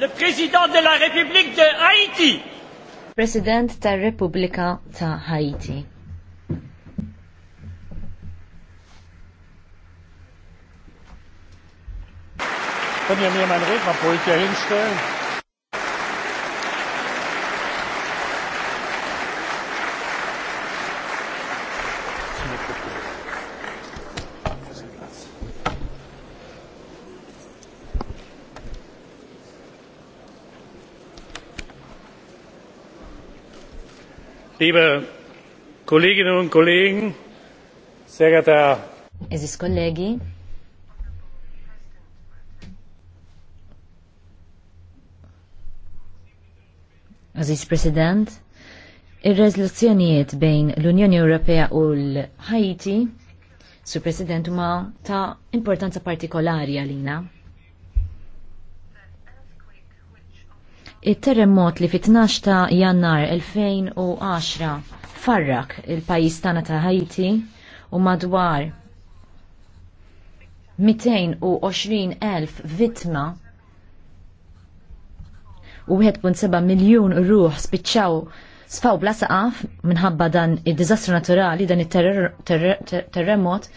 Le Président de la République de Haïti. President tar Repubblika ta' Haiti. Können wir mir mein Redner Rednerpult hier hinstellen? liebe Kolleginnen und Kollegen, sehr geehrter ir-rezoluzzjonijiet bejn l-Unjoni Ewropea u l-Ħajti, Sur President, ma ta' importanza partikolari għalina. Il-terremot li fit-12 ta' jannar 2010 farrak il-pajis tana ta' Haiti u madwar 220.000 vittma u 1.7 miljon ruħ spiċċaw sfaw bla saqaf minħabba dan id-dizastru naturali dan il-terremot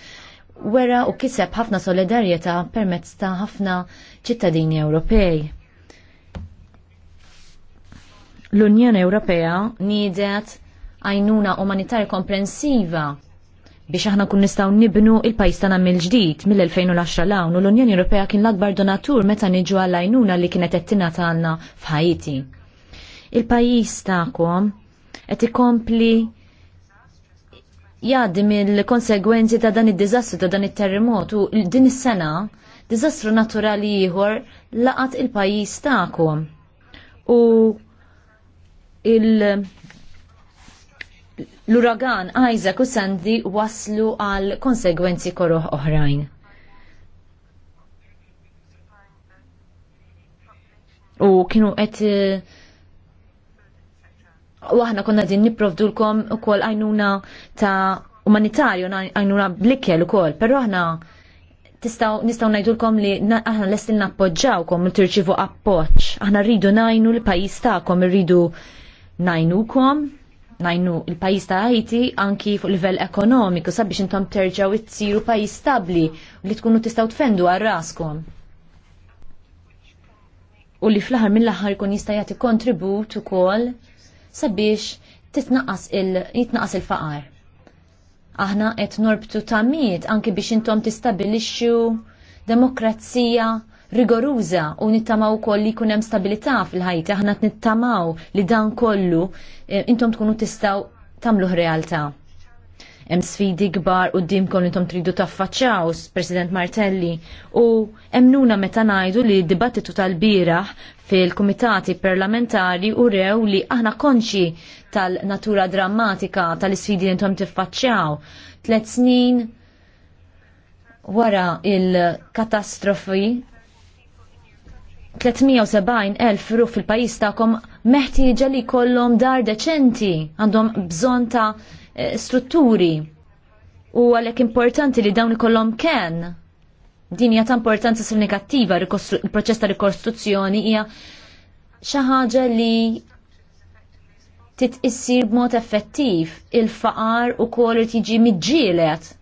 wera u kiseb ħafna solidarjetà permezz ta' ħafna ċittadini Ewropej l-Unjoni Ewropea nidet għajnuna umanitarja komprensiva biex aħna kun nistaw nibnu il-pajis tagħna mill-ġdid mill-2010 lawn u l-Unjoni Ewropea kien l-akbar donatur meta niġu għall għajnuna li kienet qed tingħata għandna f'Ħajti. Il-pajis tagħkom qed ikompli jgħaddi mill-konsegwenzi ta' dan id-diżastru ta' dan it-terremot u din is-sena diżastru naturali ieħor laqat il-pajjiż tagħkom. U l-uragan Isaac u Sandy waslu għal konsegwenzi koroħ oħrajn. U kienu qed eh, u aħna konna din niprovdulkom ukoll għajnuna ta' umanitarju għajnuna blikkel ukoll, però aħna tistaw nistaw najdulkom li aħna lest il-nappoġġawkom li tirċivu appoġġ. Aħna rridu najnu l pajjiż tagħkom rridu najnukom, najnu il-pajis ta' Haiti anki fuq livell ekonomiku sabiex intom terġaw it-siru pajis stabli li tkunu tistaw tfendu għarraskom. raskom. U li fl-aħħar mill-aħħar jkun jista' jagħti kontribut ukoll sabiex titnaqas il-jitnaqas il-faqar. Aħna qed norbtu tamiet anki biex intom tistabbilixxu demokrazija rigoruża u nittamaw koll li jkun hemm stabilità fil ħajta aħna nittamaw li dan kollu eh, intom tkunu tistgħu tagħmluh realtà. Hemm sfidi kbar qudiemkom li intom tridu taffaċċaw, President Martelli, u emnuna meta ngħidu li d-dibattitu tal-bieraħ fil-kumitati parlamentari u rew li aħna konxi tal-natura drammatika tal-isfidi li intom tiffaċċjaw. Tlet snin wara il-katastrofi 370.000 ruf fil-pajis ta'kom meħtieġa li kollom dar deċenti, għandhom bżon ta' eh, strutturi. U għalek importanti li dawn ikollhom ken. Din hija ta' importanza sinifikattiva il-proċess ta' rikostruzzjoni hija xi ħaġa li titqissir b'mod effettiv il-faqar u kol tiġi miġġielet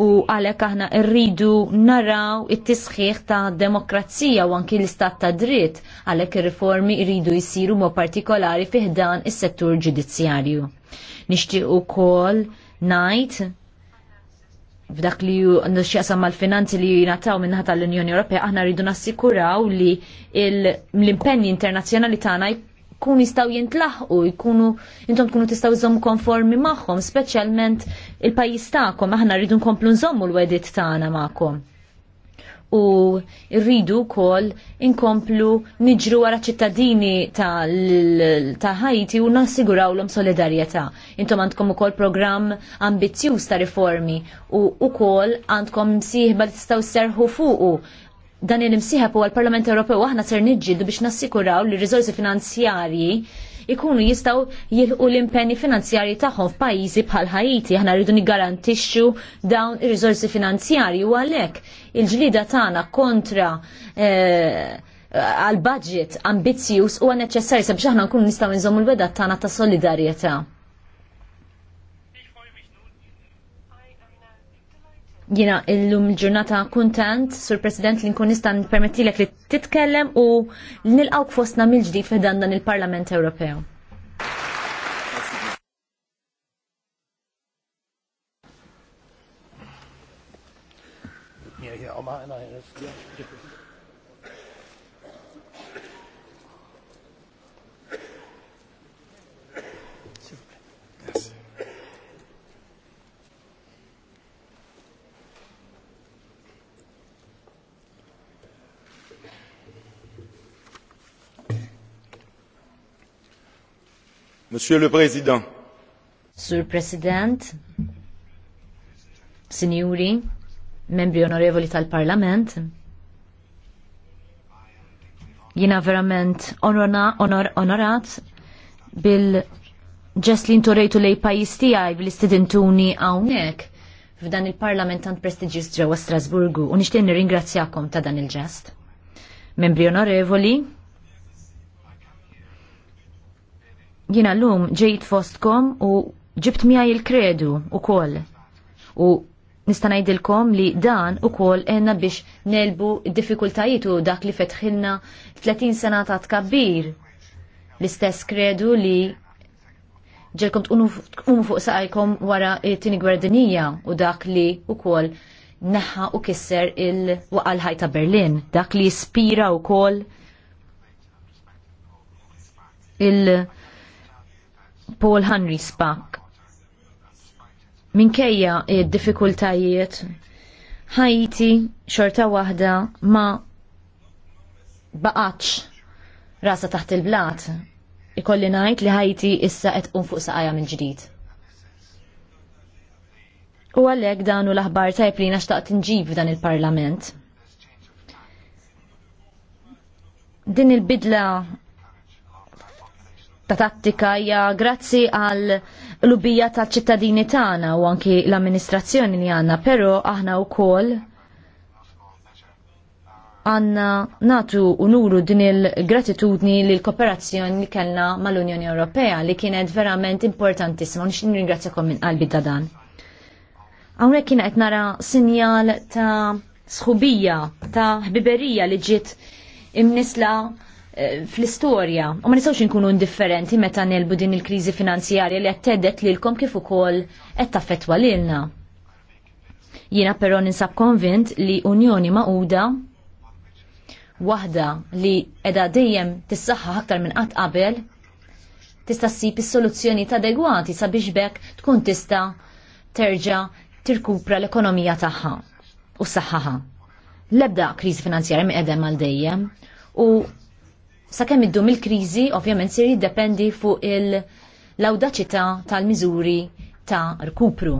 u għalhekk aħna rridu naraw it-tisħiħ ta' demokrazija u anki l-istat ta' dritt għalhekk ir-riformi rridu jsiru mo partikolari fih dan is-settur ġudizzjarju. u kol ngħid f'dak li x'jaqsam mal-finanzi li jinataw minnaħa tal-Unjoni Ewropea aħna rridu nassikuraw li l-impenni internazzjonali tagħna kun jistaw jintlaħqu, jkunu, jintom kunu tistaw zom konformi maħħom, specialment il-pajis taħkom, aħna rridu nkomplu nżommu l-wedit taħna maħkom. U rridu kol inkomplu niġru għara ċittadini ta' ħajti u nassiguraw l-om solidarieta. Intom għandkom u kol program ambizjuż ta' riformi u kol għandkom siħba li tistaw serħu fuqu dan il-imsieħeb huwa l-Parlament Ewropew aħna ser niġġieldu biex nassikuraw li rizorsi finanzjarji ikunu jistaw jilqu l-impenni finanzjarji tagħhom f'pajjiżi bħal Ħajiti. Aħna rridu niggarantixxu dawn ir-riżorsi finanzjarji u għalhekk il-ġlida tagħna kontra eh, għal budget ambizjus huwa neċessarju sabiex aħna nkunu nistgħu nżommu l-wedat tagħna ta' solidarjetà. jina l-lum ġurnata kuntent sur President li nkun nista' nipermettilek li titkellem u nilqaw fostna mill-ġdid f'dan dan il-Parlament Ewropew. Yeah, yeah, I'm out einer hin. Monsieur le Président. Sur President, Signori, membri onorevoli tal-Parlament, jina verament onorna, onor, onorat bil ġest li intorejtu lej pajis tijaj bil-istidintuni għawnek f'dan il-parlament tant prestiġis ġewa Strasburgu u nishtin nirringrazzjakom ta' dan il-ġest. Membri onorevoli, Jina l-lum ġejt fostkom u ġibt mija il-kredu u kol. U nistanajdilkom li dan u kol enna biex nelbu diffikultajiet u dak li fetħilna 30 sena ta' tkabbir. L-istess kredu li ġelkom tkunu fuq saqajkom wara it-tini gwardinija u dak li u kol naħa u kisser il-waqal ta' Berlin. Dak li jispira u kol il- Paul Henry Spack. Minkejja id-diffikultajiet, Haiti xorta waħda ma baqax rasa taħt il-blat. Ikolli ngħid li Haiti issa qed tqum fuq saqajja minn ġdid. U għalhekk dan u l-aħbar tajb li naxtaqt inġib f'dan il-Parlament. Din il-bidla ta' tattika hija grazzi għal lubija tal ċittadini tagħna u anki l-amministrazzjoni li għandna, però aħna wkoll għanna natu unuru din il-gratitudni li l-kooperazzjoni li kellna mal-Unjoni Ewropea li kienet verament importantissima u nirringrazzja ringrazzjakom minn qalbi ta' dan. Hawnhekk kien qed nara sinjal ta' sħubija, ta' ħbiberija li ġiet imnisla Eh, fl-istorja u ma nistgħux inkunu indifferenti meta nelbu din il-kriżi finanzjarja li qed tedet lilkom kif ukoll qed taffettwa lilna. Jiena però ninsab konvint li Unjoni Maquda waħda li edha dejjem tissaħħa aktar minn qatt qabel tista' ssib is-soluzzjoni adegwati sabiex bekk tkun tista' terġa' tirkupra l-ekonomija tagħha u s-saħħaha. L-ebda kriżi finanzjarja mi qedem għal dejjem u sakemm iddum il-kriżi ovvjament se jiddependi fuq il-awdaċità tal-miżuri ta' rkupru.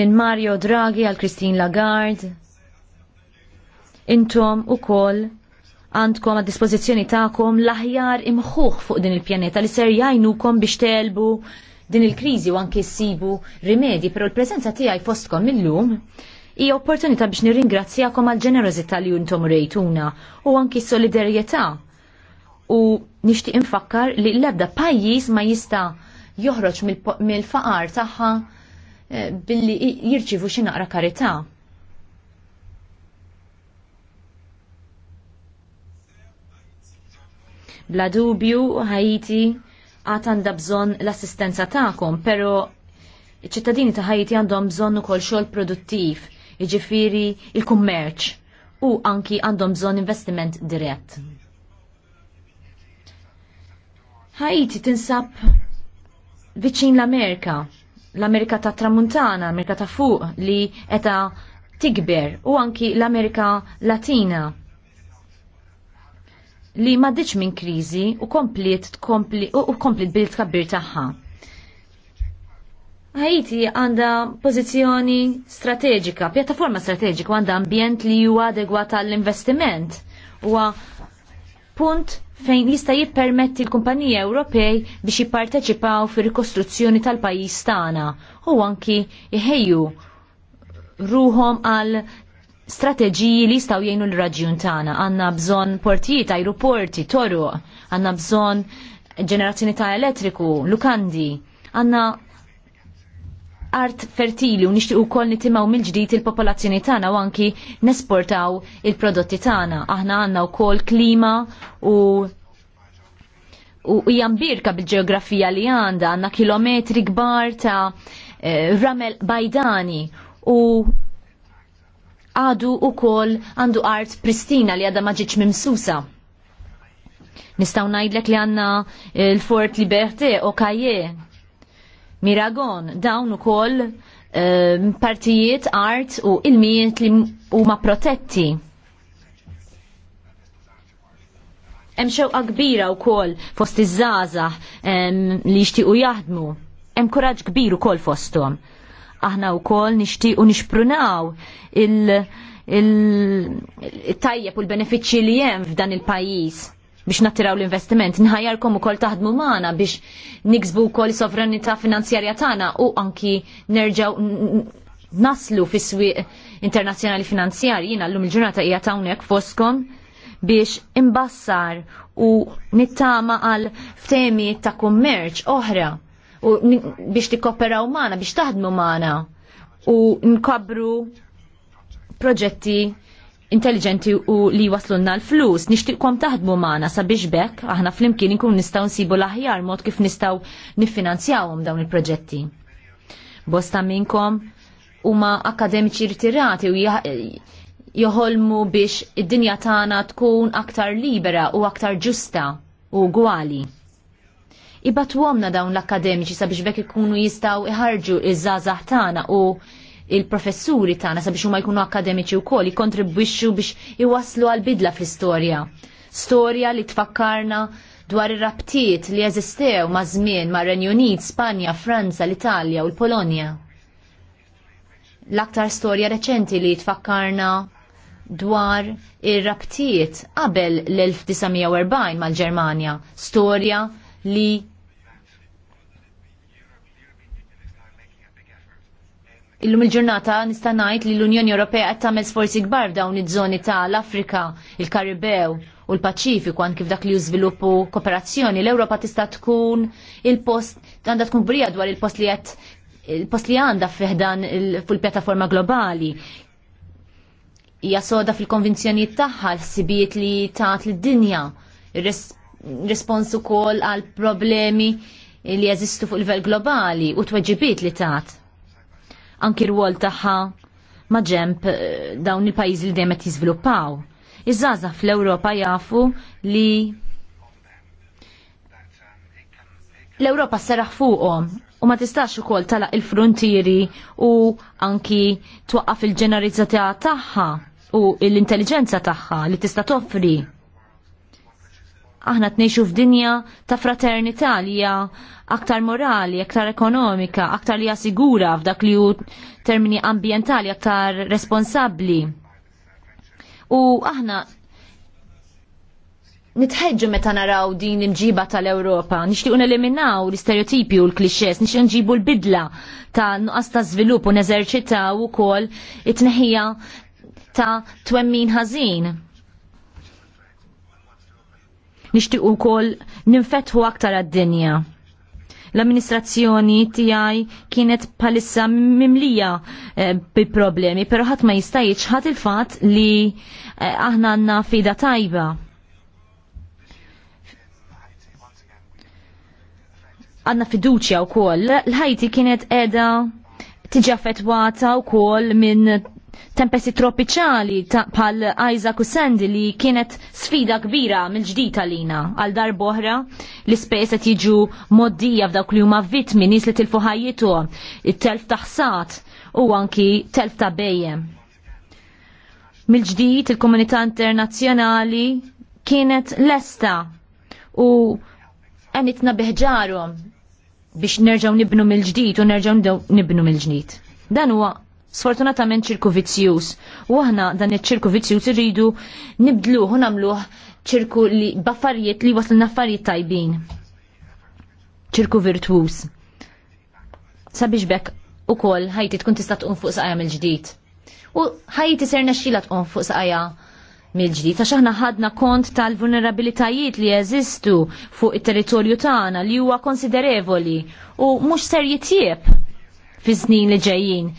Minn Mario Draghi għal Christine Lagarde, intom u koll għandkom għad dispożizzjoni ta'kom l-aħjar imħuħ fuq din il-pjaneta li ser jajnukom biex telbu din il-krizi u anki sibu rimedi, pero l-prezenza tijaj fostkom mill-lum i opportunità biex nirringrazzjakom għal ġenerozità li juntom rejtuna u anki solidarjetà. U nixtieq infakkar li l-ebda pajjiż ma jista' joħroġ mill-faqar tagħha eh, billi jirċivu xi naqra karità. Bla dubju Haiti għad għandha bżonn l-assistenza tagħkom, però iċ-ċittadini ta' Ħajti għandhom bżonn ukoll xogħol produttiv iġifiri, il-kummerċ u anki għandhom bżonn investiment dirett. Haiti tinsab viċin l-Amerika, l-Amerika ta' tramuntana, l-Amerika ta' fuq li eta tikber u anki l-Amerika Latina li maddiċ minn krizi u komplet, kompli, u komplet bil tkabbir taħħa. Haiti għanda pozizjoni strateġika, pjattaforma strateġika għanda ambjent li huwa adegwa għall-investiment. Huwa punt fejn jista' jippermetti l-kumpaniji Ewropej biex jipparteċipaw fir rikostruzzjoni tal-pajjiż tagħna u anki jħeju ruhom għal strateġiji li jistgħu jgħinu l-raġjun tagħna. Għanna bżonn portijiet, ajruporti, toroq, għandna bżonn ġenerazzjoni ta' elettriku, lukandi, għandna art fertili u u koll nitimgħu mill-ġdid il-popolazzjoni tagħna u anki nesportaw il-prodotti tagħna. Aħna għandna wkoll klima u u hija mbirka bil-ġeografija li għandha għandna kilometri kbar ta' eh, ramel bajdani u għadu u kol għandu art pristina li għadha maġiċ mimsusa. Nistaw najdlek li għanna il-fort eh, Liberte o kajje. Miragon, dawn ukoll eh, partijiet art u ilmijiet li huma protetti. Hemm xewqa kbira wkoll fost iż-żgħażagħ ehm, li jixtiequ jaħdmu. Hemm kuraġġ kbir ukoll fosthom. Aħna wkoll nixtiequ nixprunaw il-tajjeb u l-benefiċċji li hemm f'dan il-pajjiż biex nattiraw l-investiment, nħajjarkom ukoll taħdmu maħna biex niksbu wkoll sovranità finanzjarja tagħna u anki nerġaw naslu fis swieq internazzjonali finanzjarji l-lum il-ġurnata hija hawnhekk foskom biex imbassar u nittama għal ftemi ta' kummerċ oħra u biex tikkoperaw maħna, biex taħdmu magħna u nkabru proġetti intelligenti u li waslunna l-flus. Nixtiqkom taħdmu maħna sabiex bekk, aħna fl-imkien nkun nistaw nsibu l-aħjar mod kif nistaw nifinanzjawum dawn il-proġetti. Bosta u huma akademiċi ritirati u joħolmu biex id-dinja tagħna tkun aktar libera u aktar ġusta u gwali. Ibatwomna dawn l-akademiċi sabiex bekk ikunu jistaw iħarġu iż-żazaħ tagħna u il-professuri tagħna sabiex huma jkunu akademiċi wkoll jikkontribwixxu biex iwaslu għal bidla fl-istorja. Storja li tfakkarna dwar ir-rabtiet li jeżistew ma' żmien ma' Renju Unit, Spanja, Franza, l-Italja u l-Polonja. L-aktar storja reċenti li tfakkarna dwar ir-rabtiet qabel l-1940 mal-Ġermanja, storja li Illum il-ġurnata nista' ngħid li l-Unjoni Ewropea qed tagħmel sforzi kbar dawn iż-żoni tal afrika il-Karibew u l-Paċifiku għan kif dak li jużviluppu kooperazzjoni, l-Ewropa tista' tkun il-post, għandha tkun brija dwar il-post li qed il-post li għandha fiħdan il pjattaforma globali. Hija soda fil-konvinzjoni tagħha l-sibijiet li tat lid-dinja, respons ukoll għal problemi li jeżistu fuq il-vel globali u tweġibiet li tat anki rwol tagħha ma'ġemp eh, dawn il-pajjiżi li dejjem qed jiżviluppaw. iż fl-Ewropa jafu li l-Ewropa seraħ fuqhom u ma tistax ukoll tala il-frontieri u anki twaqqaf il-ġenerizzatà tagħha u l-intelligenza tagħha li tista' toffri aħna t-neċu f'dinja ta' fraternità li hija aktar morali, aktar ekonomika, aktar li sigura f'dak li hu termini ambientali, aktar responsabbli. U aħna nitħeġġu meta naraw din il-ġiba tal-Ewropa, nixtiequ neliminaw l-istereotipi u l-klixxes, nixtieq nġibu l-bidla ta' nuqqas ta' żvilupp u neżerċitaw ukoll it-tneħħija ta' twemmin ħażin u kol ninfetħu aktar għad-dinja. L-amministrazzjoni tiegħi kienet palissa mimlija eh, bi problemi, però ħadd ma jista' ħat il-fatt li eh, aħna għandna fida tajba. Għandna fiduċja wkoll. L-ħajti kienet tiġa tiġi u wkoll minn tempesti tropiċali bħal Isaac u Sandy li kienet sfida kbira mill ġdid lina għal dar boħra li spejs qed jiġu moddija f'dawk li huma vittmi nies li tilfu ħajjithom, it-telf ta' ħsat u anki telf ta' bejjem. Mill-ġdid il-komunità internazzjonali kienet lesta u għenitna biħġarhom biex nerġgħu nibnu mill-ġdid u nerġgħu nibnu mill-ġdid. Dan huwa sfortunatament ċirku vizzjuż. U aħna dan iċ-ċirku vizzjuż irridu nibdluh u nagħmluh ċirku li baffarijiet li waslu affarijiet tajbin. ċirku virtuż. Sabiex bekk ukoll ħajti tkun tista' tqum fuq saqajja mill-ġdid. U ħajti ser nexxila tqum fuq saqajja mill-ġdid għax aħna ħadna kont tal-vulnerabilitajiet li jeżistu fuq it-territorju tagħna li huwa konsiderevoli u mhux ser jitjieb fi snin li ġejjin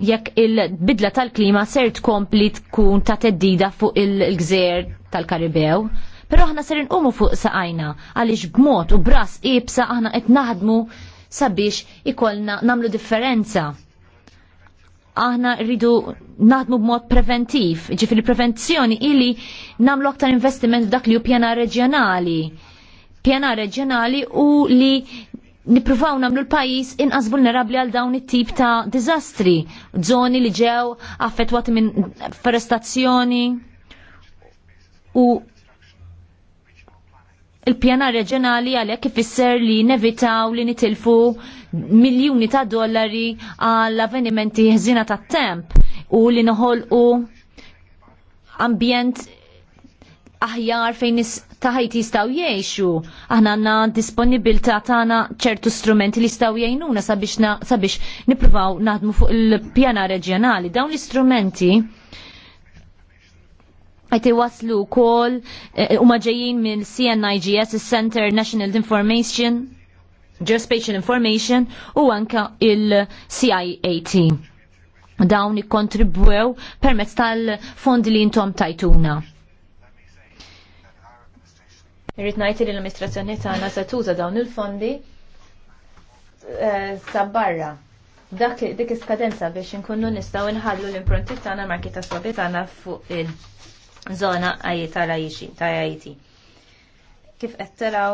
jekk il-bidla tal-klima ser tkompli tkun ta' teddida fuq il-gżer tal-Karibew. Pero aħna ser inqumu fuq saqajna għaliex b'mod u bras ibsa aħna qed naħdmu sabiex ikolna namlu differenza. Aħna rridu naħdmu b'mod preventiv, ġifiri prevenzjoni ili namlu aktar investiment f'dak li hu pjana reġjonali pjana reġjonali u li nipruvaw namlu l-pajis inqas vulnerabli għal dawn it-tip ta' dizastri, zoni li ġew affettwati minn forestazzjoni u il-pjanar reġjonali għalhekk isser li nevitaw li nitilfu miljuni ta' dollari għall avvenimenti ħżina tat-temp u li noħolqu ambjent aħjar fejn taħajt jistaw jiexu. Aħna għanna ta' tagħna ċertu strumenti li jistaw jgħinuna sabiex, sabiex nipruvaw naħdmu fuq il-pjana reġjonali. Dawn l-istrumenti għajti waslu kol eh, u maġejjin mill CNIGS, center National Information, Geospatial Information u anka il-CIAT. Dawn ikkontribwew permezz tal-fondi li jintom tajtuna Irrid ngħid li l-amministrazzjoni tagħna se tuża dawn il-fondi eh, sabbarra Dak dik iskadenza biex inkunu nistgħu nħallu l-impronti tagħna marki ta' sobi tagħna fuq il-żona e tal-għajxi e ta' IT. E kif qed taraw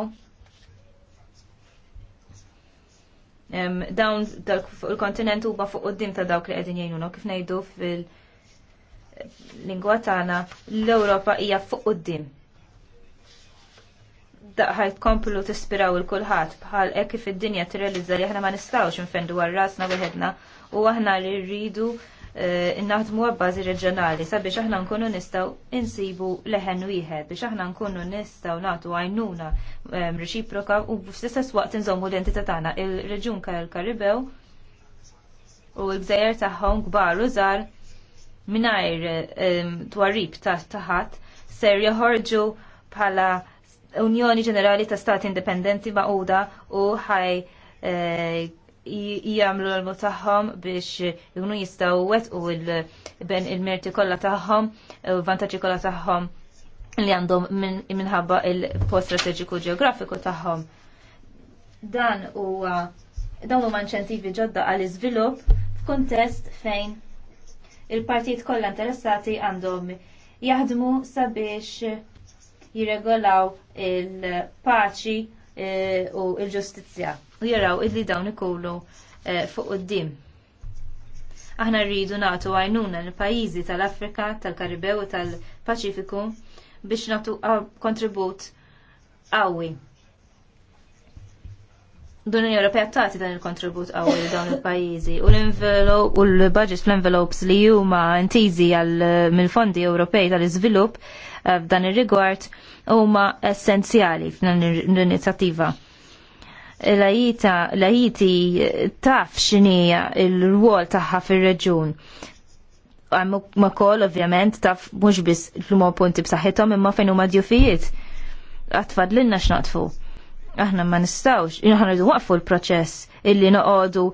dawn il-kontinent huwa fuq qudiem ta' dawk li qegħdin jgħinu kif ngħidu fil-lingwa tagħna l-Ewropa hija fuq qudiem ħajt komplu tispiraw il-kulħat bħal ekki fid-dinja t-realizza li aħna ma nistawx nfendu għal rasna weħedna u aħna li rridu eh, naħdmu għabbażi reġjonali sabiex aħna nkunu nistaw insibu leħen wieħed biex aħna nkunu nistaw nagħtu għajnuna eh, reċiproka u fl waqt inżommu l-entità tagħna il-reġjun karibew u l-gżejjer tagħhom kbar u żgħar minajr eh, twarrib ta' taħat ser joħorġu bħala Unjoni Ġenerali ta' Stati Indipendenti Maquda u ħaj eh, jgħamlu l-mu tagħhom biex jkunu jistgħu wettqu ben il-merti kollha tagħhom u vantaġġi kollha tagħhom li għandhom minħabba il-post strategiku ġeografiku tagħhom. Dan huwa dawn huma inċentivi ġodda għall iżvilupp f'kuntest fejn il-partit kollha interessati għandhom jaħdmu sabiex jirregolaw il-paċi eh, u il-ġustizzja u jaraw illi dawn ikollu eh, fuq id-dim. Aħna rridu nagħtu għajnuna l-pajjiżi tal-Afrika, tal-Karibew u tal-Paċifiku biex nagħtu ah, kontribut qawwi l-Unjoni Ewropea tagħti dan il-kontribut qawwi dawn il-pajjiżi u l envelope u l-budget fl-envelopes li huma intiżi għal mill-fondi Ewropej tal-iżvilupp eh, f'dan ir-rigward huma essenzjali f'dan l-inizjattiva. L-Ajita, l-Ajiti eh, taf x'inhija l rwol tagħha fir-reġun. Ma koll, ovvjament taf mhux biss l-huma punti b'saħħithom imma fejn huma djufijiet. Għatfad l-inna x'naqtfu aħna ma nistawx, aħna rridu waqfu l-proċess illi noqogħdu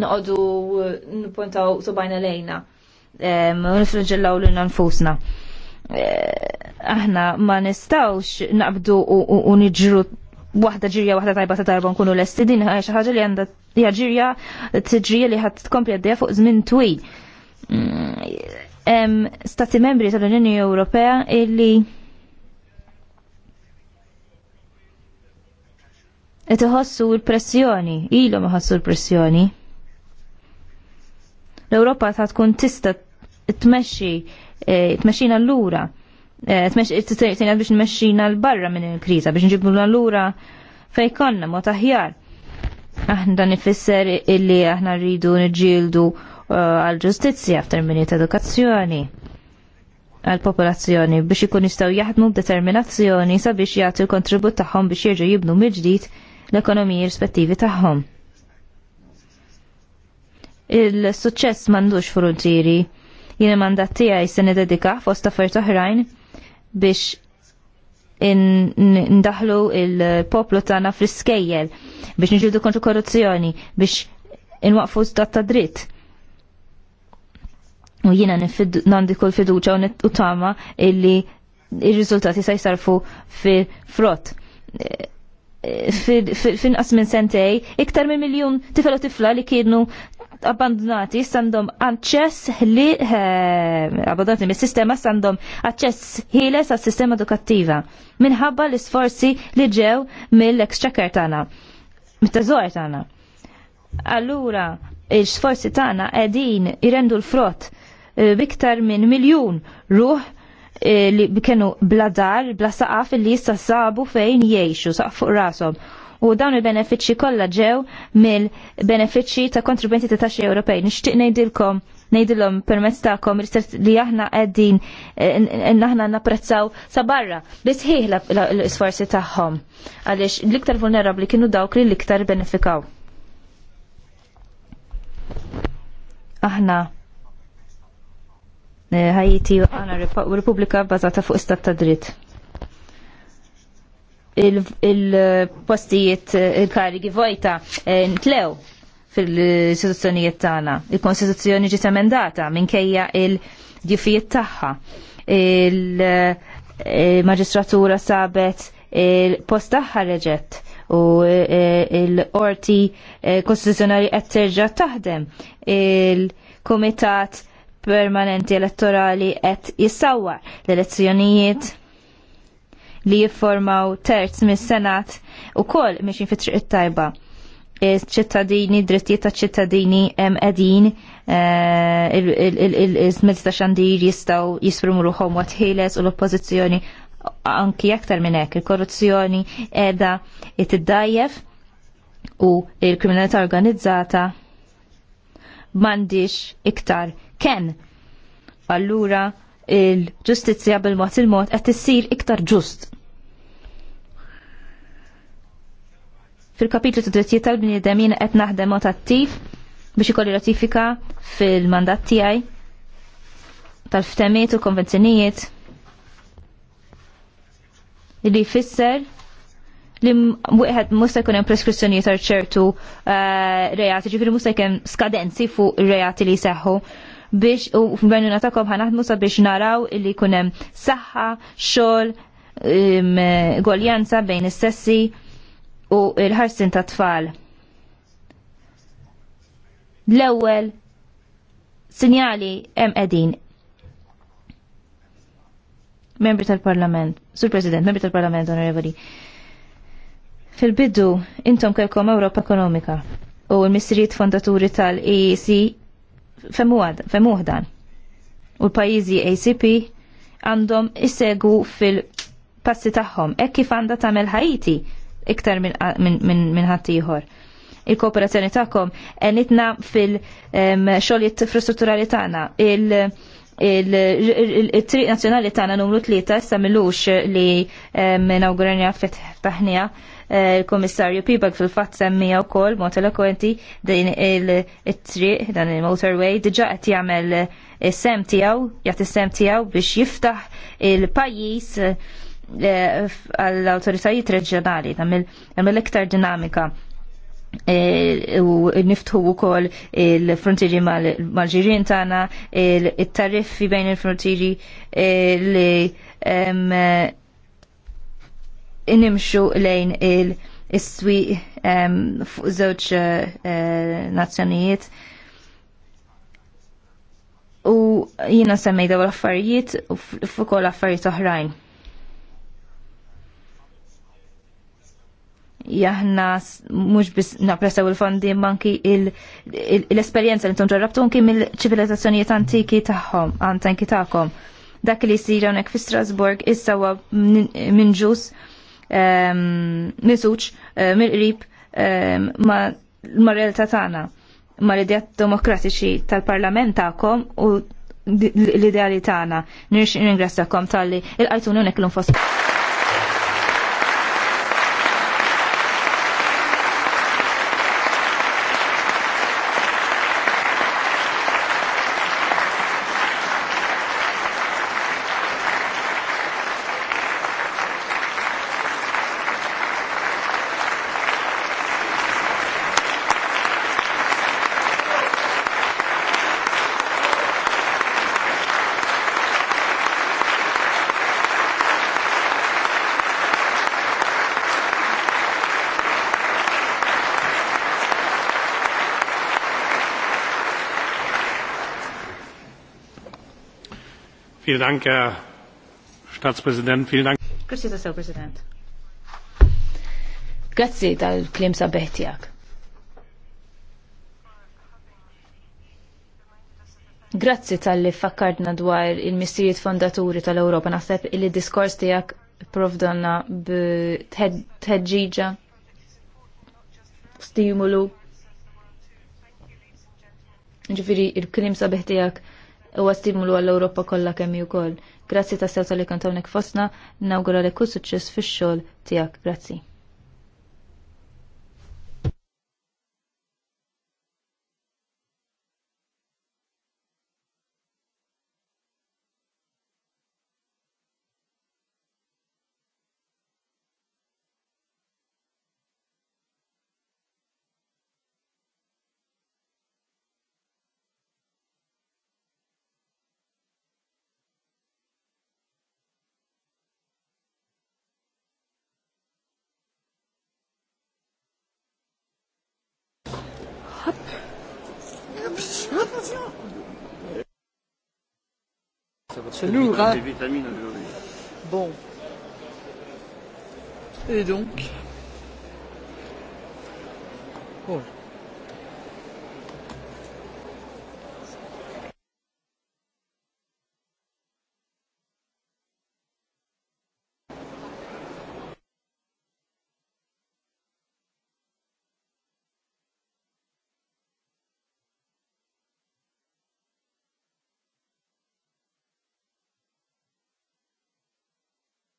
noqogħdu eh, nippuntaw subajna lejna u nifrġillaw l nfusna. Eh, aħna ma nistawx naqbdu u niġru waħda ġirja waħda tajba ta' darba nkunu l-estidin, għax ħaġa li għandha t ġirja tiġrija li ħadd tkompli għaddejja fuq żmien twil. Mm, stati membri tal-Unjoni Ewropea illi qed iħossu l-pressjoni, ilhom iħossu l-pressjoni. L-Ewropa ta' tkun tista' tmexxi eh, tmexxina l-lura, eh, tmexxina biex nmexxina l-barra minn il kriza biex nġibnu l-lura fejn konna mod aħjar. Aħna dan ifisser illi aħna rridu nġildu eh, għal-ġustizzja f'termini ta' edukazzjoni għal-popolazzjoni biex ikun jistgħu jaħdmu b'determinazzjoni sabiex jagħtu l-kontribut tagħhom biex jiġu jibnu mill-ġdid l-ekonomiji rispettivi tagħhom. Il-suċċess m'għandux frontieri. Jien il-mandat tiegħi se nededika fost affarijiet oħrajn biex ndaħlu il-poplu tagħna fl-iskejjel biex niġildu kontru korruzzjoni biex inwaqfu stat ta' dritt. U jiena nandi kull fiduċa u tama illi il-riżultati sa jsarfu fi frott finqas minn sentej, iktar minn miljun tifel u tifla li kienu abbandonati sandom aċċess li eh, abbandonati mis sistema sandom aċċess ħieles għas sistema edukattiva minħabba l-isforzi li ġew mill exchecker tagħna, mit-teżor tagħna. Allura, il sforzi tagħna qegħdin irendu l-frott eh, biktar minn miljun ruħ Eh, li kienu dar bla saqaf li jista sabu fejn jiexu, saqaf fuq rasom. U dawn il-benefiċċji kollha ġew mill-benefiċċji ta' kontribuenti ta' taxxi Ewropej. Nixtieq ngħidilkom ngħidilhom permezz tagħkom li aħna qegħdin eh, aħna napprezzaw sa barra li sħiħ l-isforzi tagħhom għaliex l-iktar vulnerabbli kienu dawk li l-iktar benefikaw. Aħna Eh, Haiti u Repubblika bbażata fuq istat ta' dritt il-postijiet eh, il-karigi vojta eh, ntlew fil-istituzzjonijiet tagħna. Il-Konstituzzjoni ġiet emendata minkejja il ġifijiet tagħha. Il-Maġistratura sabet il-post tagħha reġett u il-orti kostituzzjonali qed terġa' taħdem. Il-Kumitat permanenti elettorali qed jissawwa l-elezzjonijiet li jiformaw terz mis-Senat u koll miex fit-triq it-tajba. Ċittadini, drittijiet ta' ċittadini hemm qegħdin eh, il-żmiet ta' xandir jistgħu jisprimu ruħhom waqt ħieles u l-oppożizzjoni anki aktar minn hekk il-korruzzjoni qiegħda tiddajjef u il kriminalità organizzata mandiċ iktar ken. Allura il-ġustizja bil-mod il-mod qed issir iktar ġust. Fil-kapitlu ta' drittijiet tal-bniedem jiena qed naħdem mod attiv biex ikolli ratifika fil-mandat tiegħi tal-ftemiet u konvenzjonijiet li jfisser li wieħed musta jkun hemm preskrizzjonijiet għal ċertu eh, reati, ġifieri musta jkun skadenzi fuq ir-reati li seħħu biex u f'benu natakom ħanaħdmu sabiex naraw li jkun hemm saħħa, xogħol, goljanza bejn is-sessi u l-ħarsin ta' tfal. L-ewwel sinjali hemm qegħdin membri tal-Parlament, Sur President, membri tal-Parlament, onorevoli, Fil-bidu, intom kelkom Ewropa Ekonomika u l-misrijiet fondaturi tal-EEC femuħdan. U l-pajizi ACP għandhom issegu fil-passi tagħhom, hekk kif għandha tagħmel Ħajti iktar minn ħaddieħor. Il-kooperazzjoni tagħkom għenitna fil-xogħlijiet infrastrutturali tagħna. Il-triq nazzjonali tagħna numru tlieta issa milux li nawguranja fetħ taħnija il-Komissarju Pibak fil-fatt semmija wkoll mod elokwenti din il-triq dan il-motorway diġà qed jagħmel is-sem tiegħu jagħti sem tiegħu biex jiftaħ il-pajjiż eh, għall-awtoritajiet reġjonali tagħmel iktar dinamika eh, u niftħu u kol il-frontieri mal-ġirien tana, il-tariffi bejn il-frontieri eh, li nimxu lejn il iswi fuq żewġ eh, nazzjonijiet. U jiena semmej daw l-affarijiet u fuq kol affarijiet oħrajn. jahna mux bis napressaw il-fondi manki l-esperienza li tonġu rabtu unki mill-ċivilizzazzjonijiet antiki taħħom, antanki taħkom. Dak li jisir hawnhekk fi Strasburg issa huwa minġus miżuċ mill-qrib ma' realtà tagħna ma' l-idejat demokratiċi tal-parlament tagħkom u l-ideali tagħna. Nirx ingrazzakom tal-li il-qajtuni unek l fost. Vielen Dank, Herr Staatspräsident. Vielen Dank. Grazie, Grazzi tal-klim sabeħ tiegħek. Grazzi tal-li dwar il-missijiet fondaturi tal-Ewropa. Naħseb li diskors tiegħek provdonna b-tħedġiġa, stimulu. Ġifiri, il-klim sabeħ huwa stimulu għall-Ewropa kollha kemm ukoll. Grazzi ta' sew tal-li kont hawnhekk fostna, nawgura li kull suċċess fix-xogħol tiegħek. Grazzi. C'est Des vitamines Bon. Et donc Oh.